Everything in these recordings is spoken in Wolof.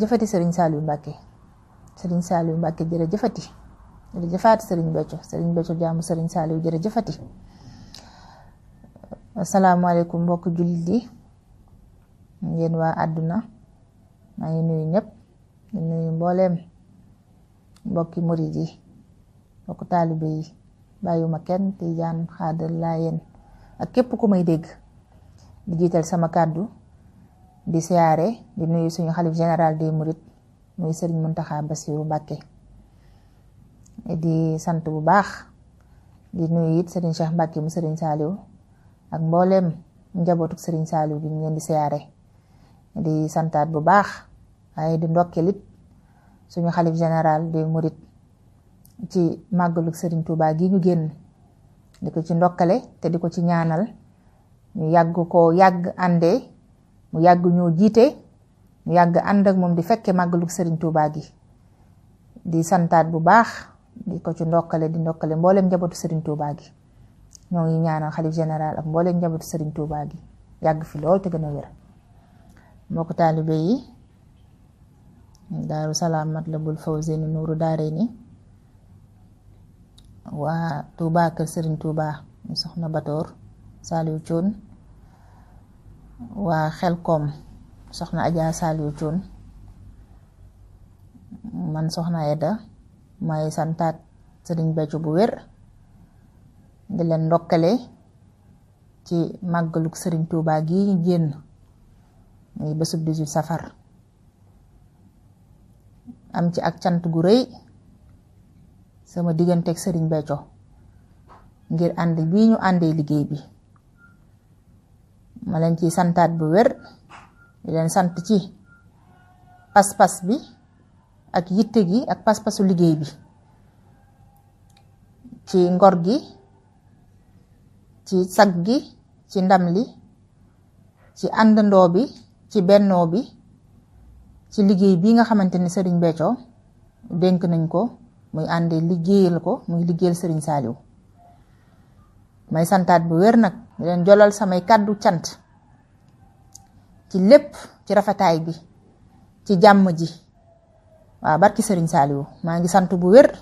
jëfati Serigne Saliou Mbacké Serigne Saliou Mbacké jërëjëfati jërëjëfaati sëriñ Béthio Serigne Béthio jaamu Serigne Saliou jërëjëfati asalaamaaleykum mbokk jullit yi ngeen waa àdduna maa ngi nuyu mbooleem mbokki murid yi mbokk taalibe yi bàyyuma kenn tiijaan xaadal laayeen ak képp ku may dégg di jiital sama kàddu di siyaare di nuyu suñu xalif général des Mourides muy Serigne Mountakha Bassirou Mbacké di sant bu baax di nuyu it Serigne Cheikh Mbacké mu Serigne Saliou ak mbooleem njabootuk sëriñ Saliou gi leen di siyaare di santaat bu baax waaye di ndokkelit suñu xalif général des Mourides ci màggaluk sëriñ Touba gi ñu génn di ko ci ndokkale te di ko ci ñaanal ñu yàgg ko yàgg àndee mu yàgg ñoo jiite mu yàgg ànd ak moom di fekke màggalu sëriñ tuubaa gi di santaat bu baax di ko ci ndokkale di ndokkale mbooleem njabootu sëriñ Touba gi ñoo ngi ñaanal xalif général ak mbooleem njabootu gi yàgg fi lool te gën a wér mbokk taalibe yi daaru salaam matlabul fawzeni nuuru daare ni waa Touba kër sëriñ Touba mu soxna Batoor Saliou Thioune waa Xelkom soxna Adja Saliou Thioune man soxna Aida may santaat Sëriñ Béthio bu wér di leen ndokkale ci màggalug Sëriñ tuuba gi génn génn muy bésub 18 safar am ci ak cant gu rëy sama digganteek Sëriñ Béthio ngir ànd bii ñu àndee liggéey bi ma leen ci santaat bu wér di leen sant ci pas-pas bi ak yitte gi ak pas-pasu liggéey bi ci ngor gi ci sag gi ci ndam li ci àndandoo bi ci bennoo bi ci liggéey bi nga xamante ni sëriñ Béthio dénk nañ ko muy ànd liggéeyal ko muy liggéeyal sëriñ Saliou may santaat bu wér nag di leen jolal samay kàddu cant ci lépp ci rafetaay gi ci jàmm ji waaw barki sëriñ Saliou maa ngi sant bu wér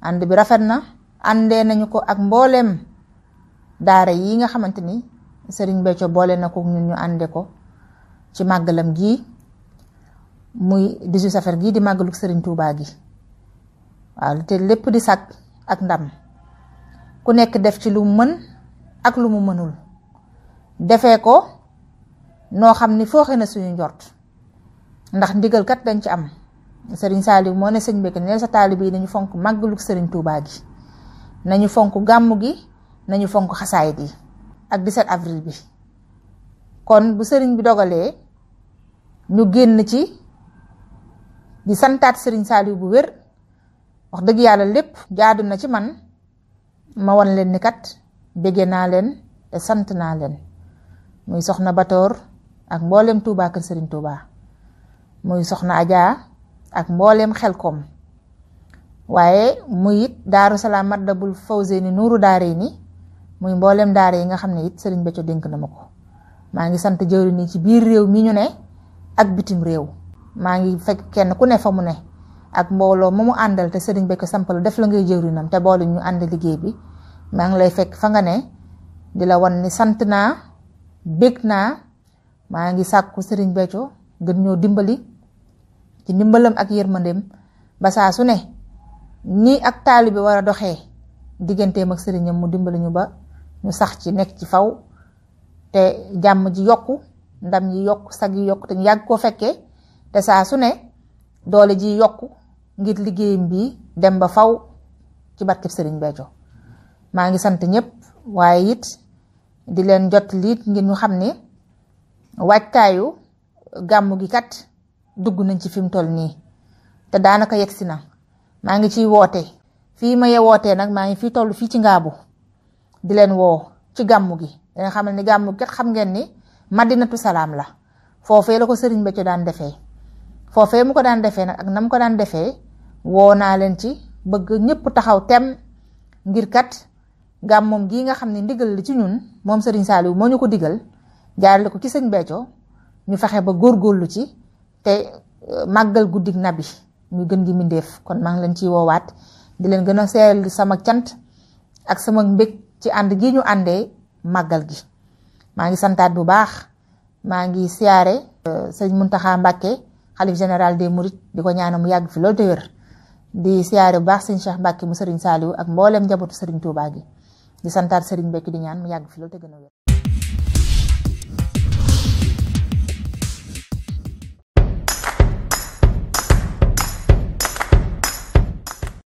ànd bi rafet na àndee nañu ko ak mbooleem daara yi nga xamante ni sëriñ Béthio boole na ko ñun ñu ànde ko ci màggalam gii muy 18 safar gii di màggalu sëriñ Touba gi waaw te lépp di sàkk ak ndam ku nekk def ci lu mën ak lu mu mënul defee ko noo xam ni fooxe na suñu njort ndax ndigal kat dañ ci am sëriñ Saliou moo ne sëñ Mbacke ne sa taalib yi nañu fonk màggalu sëriñ Touba gi nañu fonk gàmmu gi nañu fonk xasaayit yi ak 17 avril bi kon bu sëriñ bi dogalee ñu génn ci di santaat sëriñ Saliou bu wér wax dëgg yàlla lépp jaadu na ci man ma wan leen kat béggee naa leen te sant naa leen muy soxna Batoor ak mboolem Touba Kër Serigne Touba muy soxna Adja ak mboolem Xelkom waaye muy it Daaru Salaam Matlaboul ni nuuru daare ni muy mboolem daare yi nga xam ne it Serigne Béthio dénk na ma ko maa ngi sant jëwri nii ci biir réew mi ñu ne ak bitim réew maa ngi fekk kenn ku ne fa mu ne ak mbooloo mu mu àndal te Serigne Béthio sampal def la ngay jëwrinam te boole ñu ànd liggéey bi maa ngi lay fekk fa nga ne di la wan ni sant naa bég naa maa ngi sàkku sëriñ Béthio gën ñoo dimbali ci ndimbalam ak yërmandeem ba saa su ne nii ak taalibe war a doxee digganteem ak sëriñam mu dimbali ñu ba ñu sax ci nekk ci faw te jàmm ji yokk ndam yi yokk sag yi yokk te ñu yàgg koo fekkee te saa su ne doole ji yokku ngir liggéeyam bi dem ba faw ci barkeb sëriñ Béthio maa ngi sant ñépp waaye it di leen jot liit ngir ñu xam ni waajtaayu gàmmu gi kat dugg nañ ci fi mu toll nii te daanaka yegg si na maa ngi ciy woote fii ma woote nag maa ngi fi toll fii ci ngaabu di leen woo ci gàmmu gi danga xam ne gàmmu gi kat xam ngeen ni madinatu salaam la foofee la ko sëriñ Béthio daan defee foofee mu ko daan defee nag ak na mu ko daan defee woo naa leen ci bëgg ñépp taxaw tem ngir kat gàmmoom gii nga xam ne ndigal la ci ñun moom Serigne Saliou moo ñu ko digal jaarale ko ci sëñ Béthio ñu fexe ba góor góorlu ci te euh, màggal guddig nabi ñu gën gi mbindéef kon maa ngi leen ciy woowaat di leen gën a seeral sama cant ak sama mbég ci ànd gi ñu àndee màggal gi maa ngi santaat bu baax maa ngi siyaare euh, sëñ Mountakha Mbacké xalif général de Mourides di ko ñaanal mu yàgg fi loolu te wér di siyaare bu baax sëñ Cheikh Mbacké mu sëriñ Saliou ak mbooleem njabootu sëriñ Touba gi di santaat Serigne Mbacke di ñaan mu yàgg fi loolu te gën